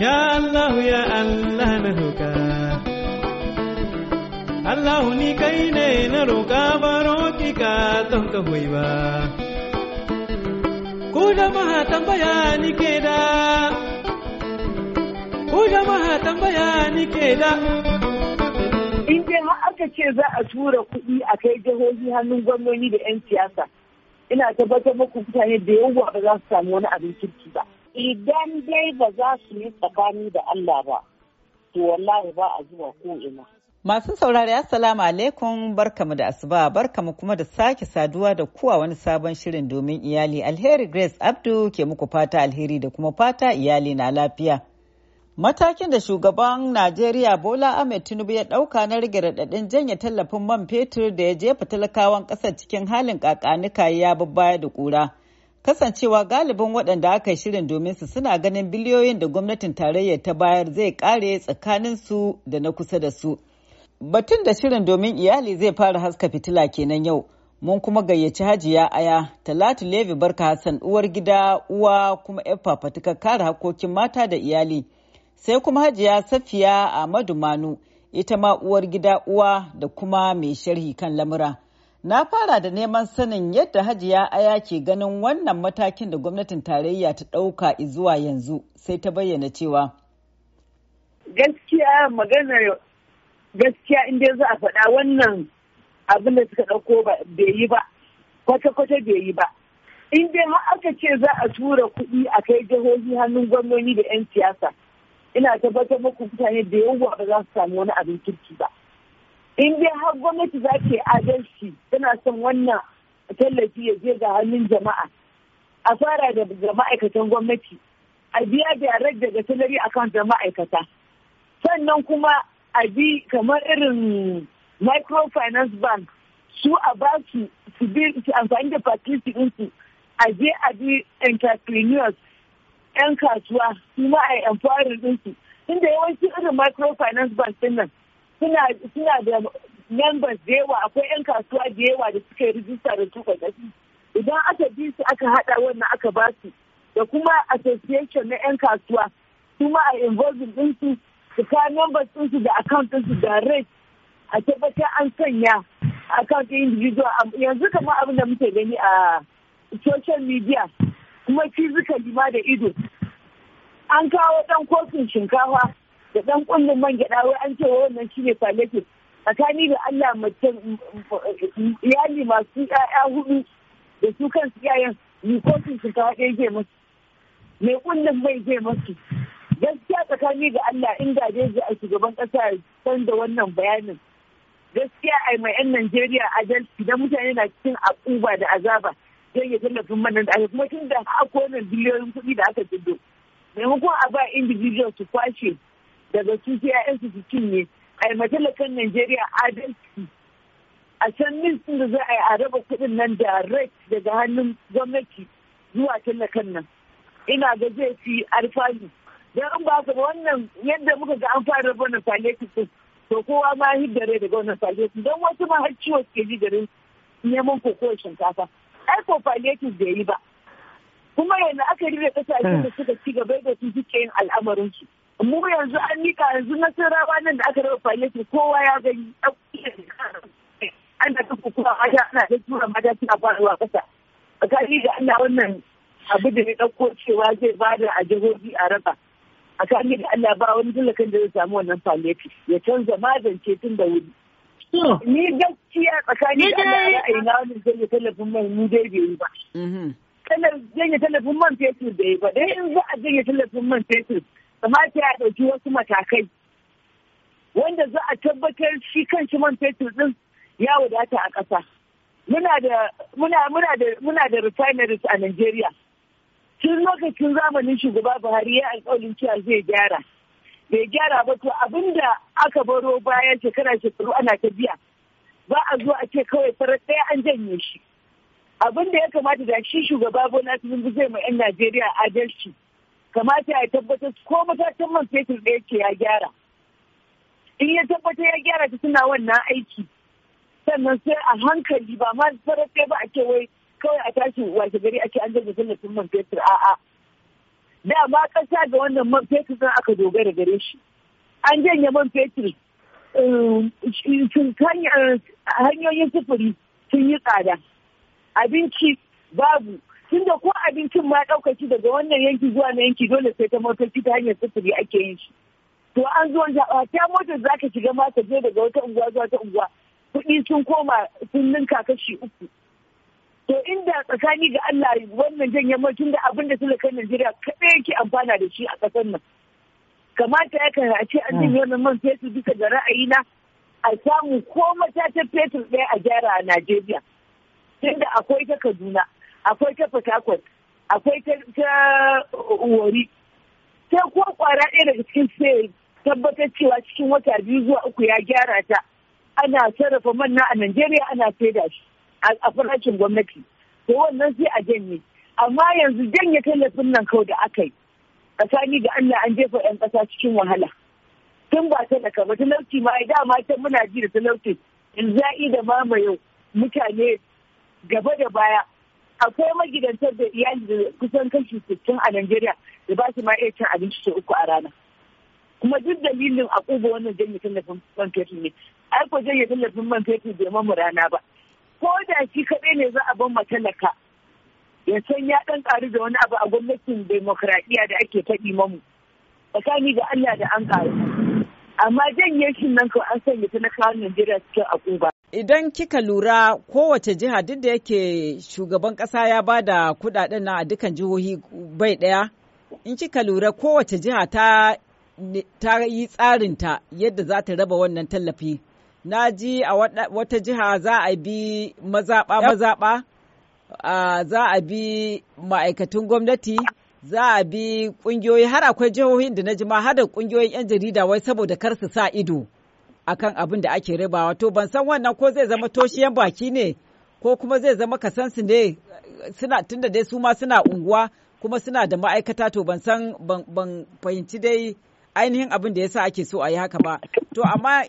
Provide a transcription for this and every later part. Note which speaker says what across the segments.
Speaker 1: Ya Allah ya Allah na roƙa Allah ni kai ne na roƙa baro ki ka don ka hoyi ba Ku jama'a tambaya ni ke da Ku jama'a tambaya ni ke da In dai aka
Speaker 2: ce za a tura kuɗi a kai jihohi hannun gwamnoni da 'yan siyasa ina tabbatar muku mutane da yawa ba za su samu wani abin kirki ba. idan dai ba za su yi tsakani da Allah ba to wallahi ba a zuwa ko
Speaker 1: Masu saurari Assalamu alaikum barkamu da asuba barkamu kuma da sake saduwa da kuwa wani sabon shirin domin iyali alheri Grace Abdu ke muku fata alheri da kuma fata iyali na lafiya. Matakin da shugaban Najeriya Bola Ahmed Tinubu ya ɗauka na rage raɗaɗin janye tallafin man fetur da ya jefa talakawan ƙasar cikin halin kakanika ya babbaya da ƙura. Kasancewa galibin waɗanda aka yi shirin domin su suna ganin biliyoyin da gwamnatin tarayya ta bayar zai kare tsakanin su da na kusa da su. Batun da shirin domin iyali zai fara haska fitila kenan yau. Mun kuma gayyaci Hajiya Aya, Talatu Levi Barka Hassan uwar gida uwa kuma yan fafatukar kare hakokin mata da iyali. Sai kuma Hajiya Safiya Ahmadu Manu, ita ma uwar gida uwa da kuma mai sharhi kan lamura. Na fara da neman sanin yadda Hajiya Aya ke ganin wannan matakin da gwamnatin tarayya ta ɗauka zuwa yanzu sai ta bayyana cewa. Gaskiya magana gaskiya inda za a faɗa
Speaker 2: wannan abin da suka ɗauko bai yi ba, kwata-kwata bai yi ba. inda ma aka ce za a tura kuɗi a kai jihohi hannun gwamnoni da 'yan siyasa, ina tabbatar muku mutane da yawa ba za su samu wani abin kirki ba. in dai har gwamnati za ke adalci tana son wannan tallafi ya je ga hannun jama'a a fara da ma'aikatan gwamnati a biya da daga salari akan da ma'aikata sannan kuma a bi kamar irin microfinance bank su a ba su su bi su amfani da facility ɗinsu a je a bi entrepreneurs 'yan kasuwa su ma a yi ɗinsu inda yawanci irin microfinance bank din suna da members da yawa akwai 'yan kasuwa da yawa da suka yi rijista da tuka su idan aka bi su aka hada wannan aka ba su da kuma association na 'yan kasuwa kuma a involving din su ka members su da account su da rate a tabbatar an sanya account individual yanzu kamar abin da muke gani a social media kuma physically ma da ido an kawo ɗan kofin shinkafa da dan ƙullun man gyaɗa wai an ce wannan shi ne tsakani da Allah mace iyali masu ƴaƴa hudu da su kansu iyayen likotin su ta ɗaya ke musu mai kullum mai ke musu gaskiya tsakani da Allah in ji a shugaban kasa san da wannan bayanin gaskiya ai mai yan Najeriya adalci da mutane na cikin akuba da azaba zai yi tallafin manan da kuma tun da akwai wannan biliyoyin kuɗi da aka jiddo maimakon a ba individual su kwashe daga su sai ƴaƴansu su cinye a yi matalakan Najeriya adalci a can mintin da za a yi a raba kuɗin nan da rex daga hannun gwamnati zuwa talakan nan ina ga zai fi alfanu don ba ka wannan yadda muka ga an fara bana din to kowa ma rai daga wannan palliative don wasu ma har ciwo suke ji garin neman koko shinkafa ai ko bai yi ba kuma yana aka da kasashen da hmm. suka ci gaba da su suke yin al'amarin su mu yanzu an mika yanzu rawa nan da aka raba fayyaki kowa ya gani da ta kukuwa mata ana da tura mata suna faruwa kasa tsakani da Allah wannan abu da ne ɗauko cewa zai bada a jihohi a raba tsakani da Allah ba wani talakan da zai samu wannan fayyaki ya canza magance tun da wuri. Ni gaskiya tsakani da Allah ra'ayi na wani zai talafin mai ni dai bai yi ba. Janye mm-hmm. talafin man fetur bai yi ba, dai in za a janye talafin man fetur kamata ya ɗauki wasu matakai wanda za a tabbatar shi kan shi man fetur ɗin ya wadata a ƙasa. Muna da refineries a Najeriya. Tun lokacin zamanin shugaba Buhari ya alƙawarin cewa zai gyara. Bai gyara ba to da aka baro bayan shekara shekaru ana ta biya. Ba a zo a ce kawai farar ɗaya an janye shi. Abin da ya kamata da shi shugaba Bola zai ma 'yan Najeriya adalci. kamata ya tabbatar ko matakin man fetur da yake ya gyara in ya tabbatar ya gyara ta suna wannan aiki sannan sai a hankali ba ma sarrafe ba a wai kawai a tashi wace gari ake an zai tun man fetur a'a da ma kasa ga wannan man fetur zan aka dogara gare shi an janye man fetur um, hanyoyin sufuri sun yi tsada abinci babu tun da ko abincin ma ɗaukaci shi daga wannan yanki zuwa na yanki dole sai ta motoci ta hanyar sufuri ake yin shi to an zo a ta motar za ka shiga ma ta je daga wata unguwa zuwa ta unguwa kuɗi sun koma sun ninka kashi uku to inda tsakani ga Allah wannan janye mai tun da abin da kai Najeriya kaɗai yake amfana da shi a ƙasar nan kamata ya kai a ce an hmm. janye wannan man fetur bisa ga ra'ayina a samu ko matatar fetur ɗaya a gyara a Najeriya tunda akwai ta Kaduna akwai ta Fatakwal, akwai ta Wari. Sai ko kwara ɗaya daga cikin sai tabbatar cewa cikin wata biyu zuwa uku ya gyara ta. Ana sarrafa manna a Najeriya ana saida shi a farashin gwamnati. To wannan sai a janye. Amma yanzu janye tallafin nan kawai da aka yi. Tsakani da Allah an jefa 'yan ƙasa cikin wahala. Tun ba ta talaka ba talauci ma dama ta muna ji da talauci. In za'i da mamaye mutane gaba da baya akwai magidantar da iyali da kusan kashi sittin a Najeriya da ba su ma iya cin abinci sau uku a rana. Kuma duk dalilin a ƙuba wannan janye tallafin man fetur ne. Ai ko janye tallafin man fetur bai mamu rana ba. Ko da shi kaɗai ne za a ban matalaka. Ya san ya ɗan ƙaru da wani abu a gwamnatin demokuraɗiyya da ake faɗi mamu. Tsakani
Speaker 1: ga Allah da an ƙaru. amma janye shi nan ko an sanya ta na kawo Najeriya cikin akuba. Idan kika lura kowace jiha duk da yake shugaban kasa ya ba da kudaden na a dukkan jihohi bai daya, in kika lura kowace jiha ta ta yi ta yadda za ta raba wannan tallafi. Na ji a wata jiha za a bi mazaɓa mazaɓa, za a bi ma'aikatan gwamnati. za a bi kungiyoyi har akwai jihohin da na jima har da kungiyoyin 'yan jarida wai saboda kar su sa ido akan abin da ake rabawa to ban san wannan ko zai zama toshiyan baki ne ko kuma zai zama kasansu ne suna tunda dai su ma suna unguwa kuma suna da ma'aikata to ban san ban fahimci dai ainihin abin da yasa ake so a yi haka ba to amma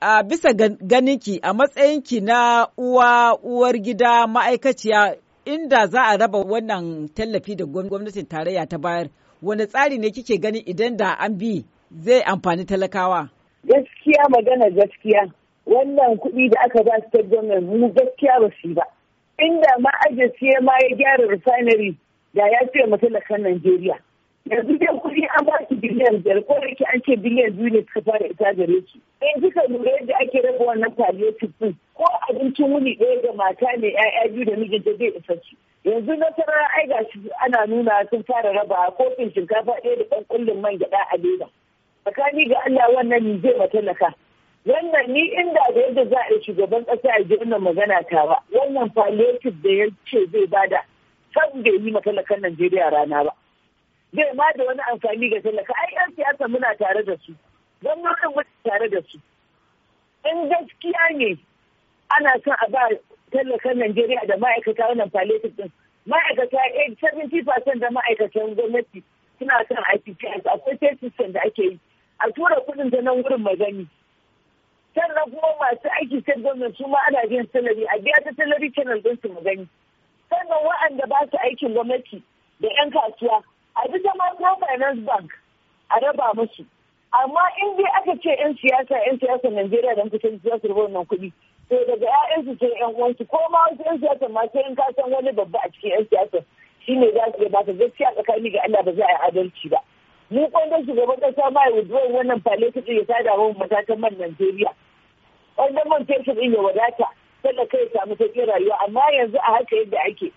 Speaker 1: a bisa ganinki a matsayinki na uwa uwar gida ma'aikaciya inda za a raba wannan tallafi da gwamnatin tarayya ta bayar wani tsari ne kike gani idan da an bi zai amfani talakawa gaskiya magana gaskiya wannan
Speaker 2: kuɗi da aka ba su gwamnan mu gaskiya ba su ba inda ma aje siya ma ya gyara refinery da ya ce matalakan Najeriya yanzu da kuɗi an ba su biliyan biyar ko da an ce biliyan biyu ne suka fara ita gare su in kika lura yadda ake raba wannan palliative din ko abincin wuni ɗaya ga mata ne 'ya'ya biyu da mijinta zai isa ci. yanzu nasarar ai ga ana nuna sun fara raba kofin shinkafa ɗaya da ɗan kullum man gyaɗa a leda tsakani ga Allah wannan ni zai matalaka wannan ni inda da yadda za a yi shugaban ƙasa a ji wannan magana tawa wannan palliative da ya ce zai bada san ya yi matalakan Najeriya rana ba bai ma da wani amfani ga talaka ai yan siyasa muna tare da su gwamnatin muna tare da su in gaskiya ne ana son a ba tallakan Najeriya da ma'aikata wannan palliative din. Ma'aikata 70% eh, da ma'aikatan gwamnati suna son IPPS akwai pay system da ake yi. A tura kuɗin ta nan wurin magani. Sannan kuma masu aiki sai gwamnati su ma ana biyan salari a biya ta salari channel din su magani. Sannan wa'anda ba su aikin gwamnati da 'yan kasuwa a bisa microfinance bank a raba musu. amma in dai aka ce 'yan siyasa 'yan siyasa najeriya don fitar siyasar wannan kuɗi to daga 'ya'yansu ce 'yan uwansu ko ma wasu 'yan siyasa ma sai in ka san wani babba a cikin 'yan siyasa shi ne za su gabata gaskiya tsakani ga Allah ba za a yi adalci ba mu kwandon shugaban kasa ma ya wannan fale kuɗi ya sada wa matakan man najeriya wanda man fetur ɗin ya wadata sannan kai ya samu sauƙin rayuwa amma yanzu a haka yadda ake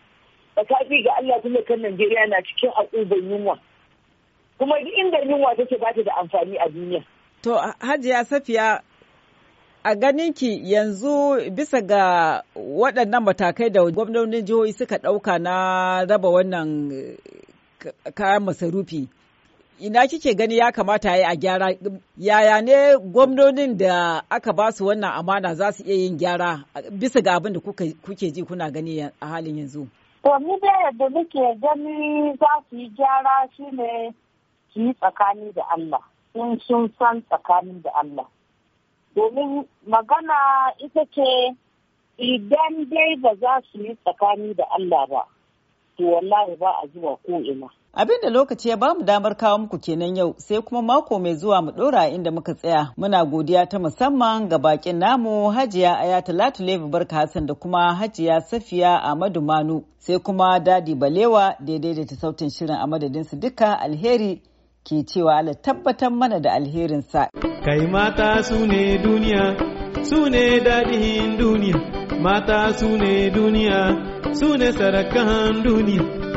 Speaker 2: tsakani
Speaker 1: ga Allah kuma kan najeriya na cikin akuban yunwa kuma inda yunwa take ba ta da amfani a duniya. To Hajiya Safiya a ganinki yanzu bisa ga waɗannan matakai da gwamnonin jihohi suka ɗauka na raba wannan eh, kayan masarufi ina kike gani ya kamata ya a gyara yaya ne gwamnonin da aka ba su wannan amana za su iya yin gyara bisa ga abin da kuke ji kuna gani a halin yanzu to ni da
Speaker 2: muke gani za su yi gyara shine su yi tsakani da Allah in sun san tsakani da Allah domin magana ita ce idan dai ba za su yi tsakani da Allah ba to wallahi ba a zuwa koina
Speaker 1: Abin da lokaci ya bamu damar kawo muku kenan yau sai kuma mako mai zuwa mu dora inda muka tsaya. Muna godiya ta musamman ga bakin namu Hajiya Aya Talatu Levi Barka Hassan da kuma Hajiya Safiya Ahmadu Manu sai kuma Dadi Balewa daidai da ta sautin shirin a madadinsu duka alheri ke cewa na tabbatar mana da alherin alherinsa. Kai mata su ne duniya, su ne daɗin duniya, mata su ne duniya, su ne sarakan duniya.